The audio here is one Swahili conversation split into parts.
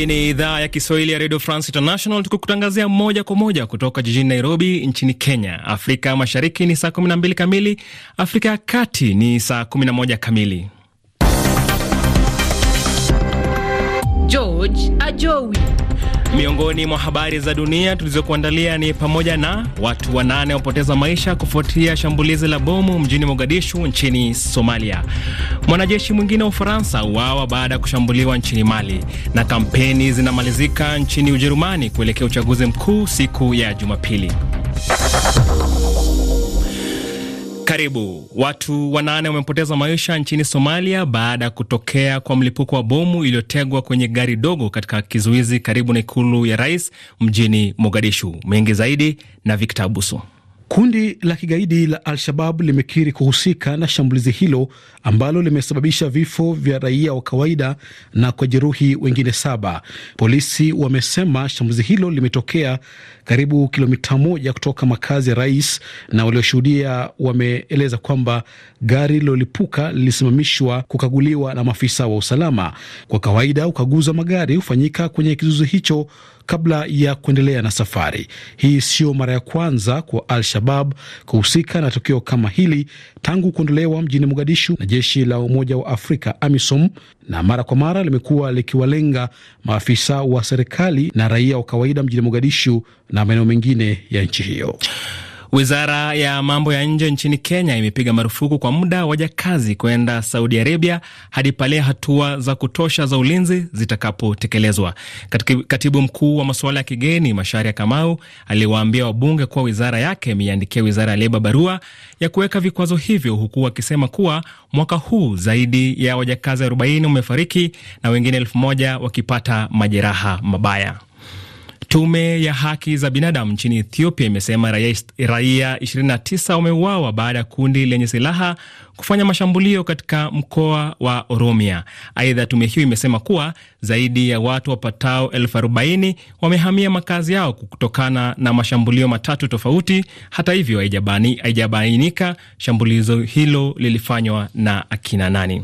Hii ni idhaa ya Kiswahili ya Radio France International, tukikutangazia moja kwa moja kutoka jijini Nairobi nchini Kenya. Afrika Mashariki ni saa 12 kamili, Afrika ya Kati ni saa 11 kamili. George Ajowi Miongoni mwa habari za dunia tulizokuandalia ni pamoja na watu wanane wapoteza maisha kufuatia shambulizi la bomu mjini Mogadishu nchini Somalia, mwanajeshi mwingine wa Ufaransa uawa baada ya kushambuliwa nchini Mali, na kampeni zinamalizika nchini Ujerumani kuelekea uchaguzi mkuu siku ya Jumapili. Karibu. Watu wanane wamepoteza maisha nchini Somalia baada ya kutokea kwa mlipuko wa bomu iliyotegwa kwenye gari dogo katika kizuizi karibu na ikulu ya rais mjini Mogadishu. Mengi zaidi na Victor Abuso. Kundi la kigaidi la Al-Shabab limekiri kuhusika na shambulizi hilo ambalo limesababisha vifo vya raia wa kawaida na kujeruhi wengine saba. Polisi wamesema shambulizi hilo limetokea karibu kilomita moja kutoka makazi ya rais, na walioshuhudia wameeleza kwamba gari lilolipuka lilisimamishwa kukaguliwa na maafisa wa usalama. Kwa kawaida, ukaguzi wa magari hufanyika kwenye kizuizi hicho kabla ya kuendelea na safari. Hii sio mara ya kwanza kwa Al-Shabab kuhusika na tukio kama hili tangu kuondolewa mjini Mogadishu na jeshi la Umoja wa Afrika AMISOM, na mara kwa mara limekuwa likiwalenga maafisa wa serikali na raia wa kawaida mjini Mogadishu na maeneo mengine ya nchi hiyo. Wizara ya mambo ya nje nchini Kenya imepiga marufuku kwa muda wajakazi kwenda Saudi Arabia hadi pale hatua za kutosha za ulinzi zitakapotekelezwa. Katibu mkuu wa masuala ya kigeni Masharia Kamau aliwaambia wabunge kuwa wizara yake imeiandikia wizara ya leba barua ya kuweka vikwazo hivyo, huku akisema kuwa mwaka huu zaidi ya wajakazi 40 wamefariki na wengine elfu moja wakipata majeraha mabaya. Tume ya haki za binadamu nchini Ethiopia imesema raia, 29 wameuawa baada ya kundi lenye silaha kufanya mashambulio katika mkoa wa Oromia. Aidha, tume hiyo imesema kuwa zaidi ya watu wapatao elfu arobaini wamehamia makazi yao kutokana na mashambulio matatu tofauti. Hata hivyo, haijabainika shambulizo hilo lilifanywa na akina nani.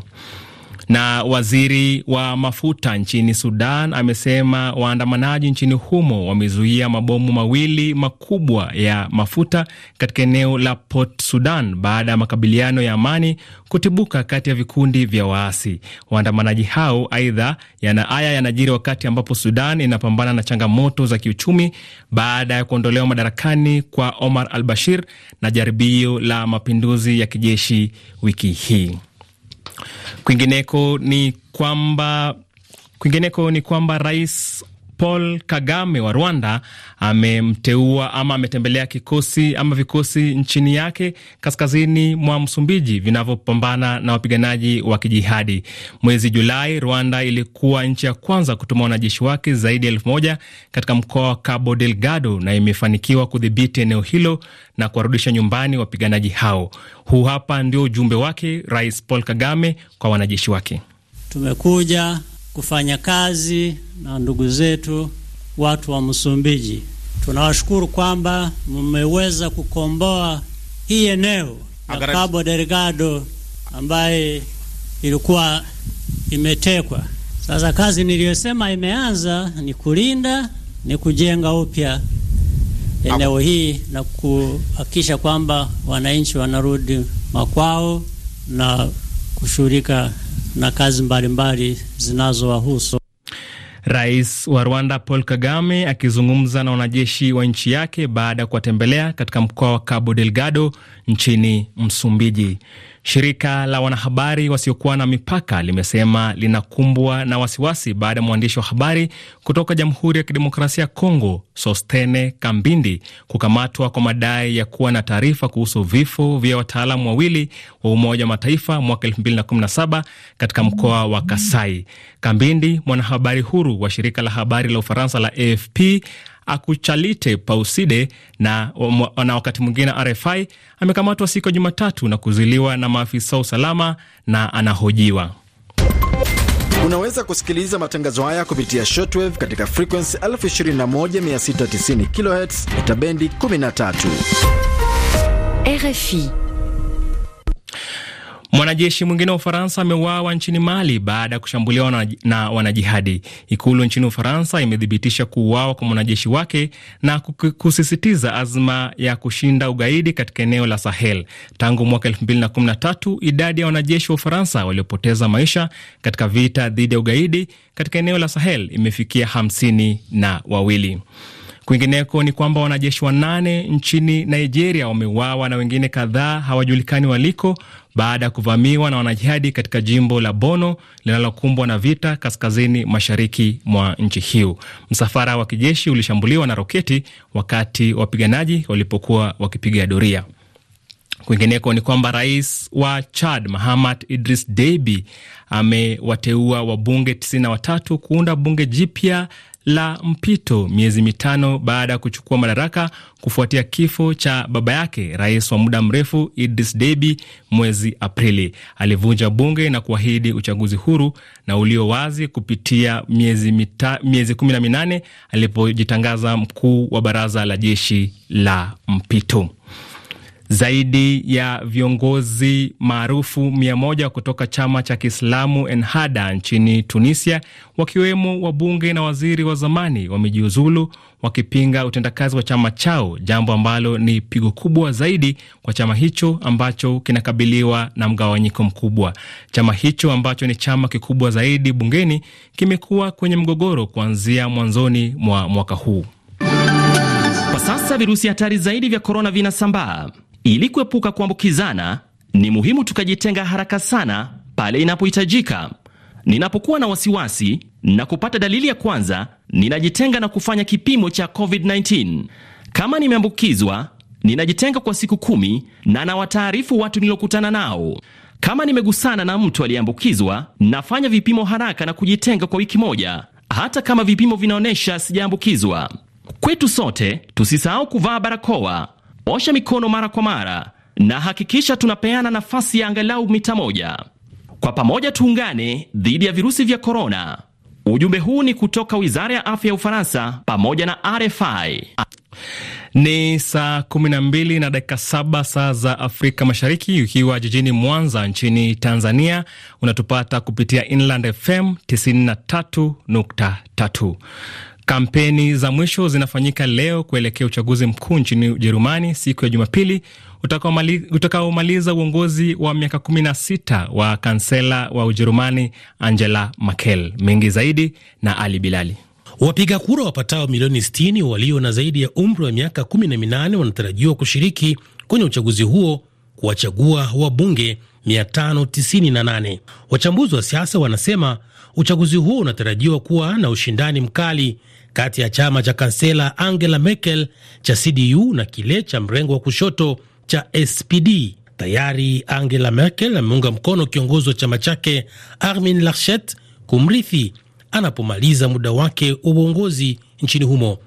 Na waziri wa mafuta nchini Sudan amesema waandamanaji nchini humo wamezuia mabomu mawili makubwa ya mafuta katika eneo la Port Sudan baada ya makabiliano ya amani kutibuka kati ya vikundi vya waasi. Waandamanaji hao aidha, yana haya yanajiri wakati ambapo Sudan inapambana na changamoto za kiuchumi baada ya kuondolewa madarakani kwa Omar al-Bashir na jaribio la mapinduzi ya kijeshi wiki hii. Kwingineko ni kwamba kwingineko ni kwamba rais Paul Kagame wa Rwanda amemteua ama ametembelea kikosi ama vikosi nchini yake kaskazini mwa Msumbiji vinavyopambana na wapiganaji wa kijihadi. Mwezi Julai, Rwanda ilikuwa nchi ya kwanza kutuma wanajeshi wake zaidi ya elfu moja katika mkoa wa Cabo Delgado na imefanikiwa kudhibiti eneo hilo na kuwarudisha nyumbani wapiganaji hao. Huu hapa ndio ujumbe wake Rais Paul Kagame kwa wanajeshi wake: tumekuja kufanya kazi na ndugu zetu watu wa Msumbiji. Tunawashukuru kwamba mmeweza kukomboa hii eneo la Cabo Delgado ambaye ilikuwa imetekwa. Sasa kazi niliyosema imeanza ni kulinda, ni kujenga upya eneo hii na kuhakikisha kwamba wananchi wanarudi makwao na kushughulika na kazi mbalimbali zinazowahusu. Rais wa Rwanda Paul Kagame akizungumza na wanajeshi wa nchi yake baada ya kuwatembelea katika mkoa wa Cabo Delgado nchini Msumbiji. Shirika la wanahabari wasiokuwa na mipaka limesema linakumbwa na wasiwasi baada ya mwandishi wa habari kutoka Jamhuri ya Kidemokrasia ya Kongo Sostene Kambindi kukamatwa kwa madai ya kuwa na taarifa kuhusu vifo vya wataalamu wawili wa Umoja wa Mataifa mwaka 2017 katika mkoa wa Kasai. Kambindi, mwanahabari huru wa shirika la habari la Ufaransa la AFP, Akuchalite Pauside na, na wakati mwingine RFI amekamatwa siku ya Jumatatu na kuzuiliwa na maafisa wa usalama na anahojiwa. Unaweza kusikiliza matangazo haya kupitia shortwave katika frekuensi 21690 kHz tabendi 13 RFI. Mwanajeshi mwingine wa Ufaransa ameuawa nchini Mali baada ya kushambuliwa na wanajihadi. Ikulu nchini Ufaransa imethibitisha kuuawa kwa mwanajeshi wake na kusisitiza azma ya kushinda ugaidi katika eneo la Sahel. Tangu mwaka 2013 idadi ya wanajeshi wa Ufaransa waliopoteza maisha katika vita dhidi ya ugaidi katika eneo la Sahel imefikia hamsini na wawili. Kwingineko ni kwamba wanajeshi wanane nchini Nigeria wameuawa na wengine kadhaa hawajulikani waliko baada ya kuvamiwa na wanajihadi katika jimbo la Bono linalokumbwa na vita kaskazini mashariki mwa nchi hiyo. Msafara wa kijeshi ulishambuliwa na roketi wakati wapiganaji walipokuwa wakipiga doria. Kwingineko ni kwamba rais wa Chad Mahamat Idris Deby amewateua wabunge 93 kuunda bunge jipya la mpito miezi mitano baada ya kuchukua madaraka kufuatia kifo cha baba yake rais wa muda mrefu Idris Deby mwezi Aprili. Alivunja bunge na kuahidi uchaguzi huru na ulio wazi kupitia miezi mita, miezi kumi na minane alipojitangaza mkuu wa baraza la jeshi la mpito. Zaidi ya viongozi maarufu mia moja kutoka chama cha Kiislamu Ennahda nchini Tunisia, wakiwemo wabunge na waziri wa zamani, wamejiuzulu wakipinga utendakazi wa chama chao, jambo ambalo ni pigo kubwa zaidi kwa chama hicho ambacho kinakabiliwa na mgawanyiko mkubwa. Chama hicho ambacho ni chama kikubwa zaidi bungeni kimekuwa kwenye mgogoro kuanzia mwanzoni mwa mwaka huu. Kwa sasa virusi hatari zaidi vya korona vinasambaa. Ili kuepuka kuambukizana, ni muhimu tukajitenga haraka sana pale inapohitajika. Ninapokuwa na wasiwasi na kupata dalili ya kwanza, ninajitenga na kufanya kipimo cha COVID-19. Kama nimeambukizwa, ninajitenga kwa siku kumi na nawataarifu watu niliokutana nao. Kama nimegusana na mtu aliyeambukizwa, nafanya vipimo haraka na kujitenga kwa wiki moja, hata kama vipimo vinaonyesha sijaambukizwa. Kwetu sote, tusisahau kuvaa barakoa osha mikono mara kwa mara na hakikisha tunapeana nafasi ya angalau mita moja. Kwa pamoja tuungane dhidi ya virusi vya korona. Ujumbe huu ni kutoka wizara ya afya ya Ufaransa pamoja na RFI. Ni saa 12 na dakika 7 saa za Afrika Mashariki, ukiwa jijini Mwanza nchini Tanzania. Unatupata kupitia Inland FM 93.3. Kampeni za mwisho zinafanyika leo kuelekea uchaguzi mkuu nchini Ujerumani siku ya Jumapili utakaomaliza uongozi wa miaka 16 wa kansela wa Ujerumani Angela Merkel. Mengi zaidi na Ali Bilali. Wapiga kura wapatao milioni 60 walio na zaidi ya umri wa miaka 18 wanatarajiwa kushiriki kwenye uchaguzi huo kuwachagua wabunge 598. Wachambuzi wa siasa wanasema Uchaguzi huo unatarajiwa kuwa na ushindani mkali kati ya chama cha kansela Angela Merkel cha CDU na kile cha mrengo wa kushoto cha SPD. Tayari Angela Merkel ameunga mkono kiongozi wa chama chake Armin Laschet kumrithi anapomaliza muda wake wa uongozi nchini humo.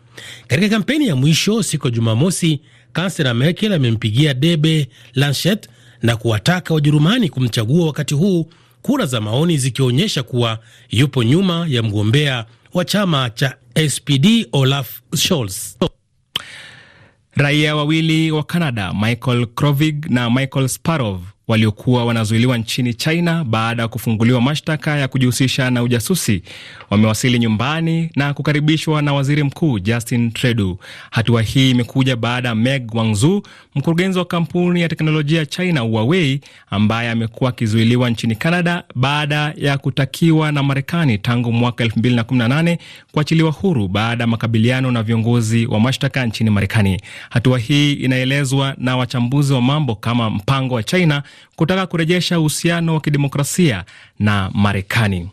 Katika kampeni ya mwisho siku ya Jumamosi, kansela Merkel amempigia debe Laschet na kuwataka Wajerumani kumchagua wakati huu kura za maoni zikionyesha kuwa yupo nyuma ya mgombea wa chama cha SPD Olaf Scholz. Raia wawili wa canada Michael Crovig na Michael Sparov waliokuwa wanazuiliwa nchini China baada ya kufunguliwa mashtaka ya kujihusisha na ujasusi wamewasili nyumbani na kukaribishwa na waziri mkuu Justin Trudeau. Hatua hii imekuja baada ya Meg Wanzhou, mkurugenzi wa kampuni ya teknolojia China Huawei, ambaye amekuwa akizuiliwa nchini Canada baada ya kutakiwa na Marekani tangu mwaka 2018 kuachiliwa huru baada ya makabiliano na viongozi wa mashtaka nchini Marekani. Hatua hii inaelezwa na wachambuzi wa mambo kama mpango wa China kutaka kurejesha uhusiano wa kidemokrasia na Marekani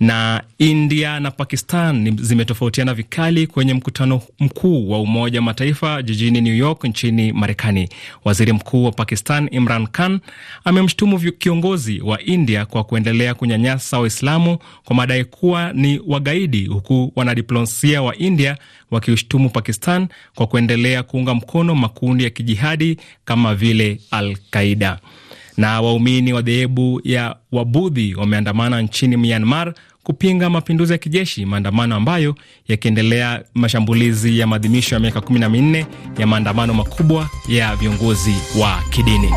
na India na Pakistan zimetofautiana vikali kwenye mkutano mkuu wa Umoja wa Mataifa jijini New York nchini Marekani. Waziri Mkuu wa Pakistan Imran Khan amemshutumu kiongozi wa India kwa kuendelea kunyanyasa Waislamu kwa madai kuwa ni wagaidi, huku wanadiplomasia wa India wakishutumu Pakistan kwa kuendelea kuunga mkono makundi ya kijihadi kama vile Al Qaida. Na waumini wa dhehebu ya Wabudhi wameandamana nchini Myanmar kupinga mapinduzi ya kijeshi, maandamano ambayo yakiendelea mashambulizi ya maadhimisho ya miaka 14 ya maandamano makubwa ya viongozi wa kidini.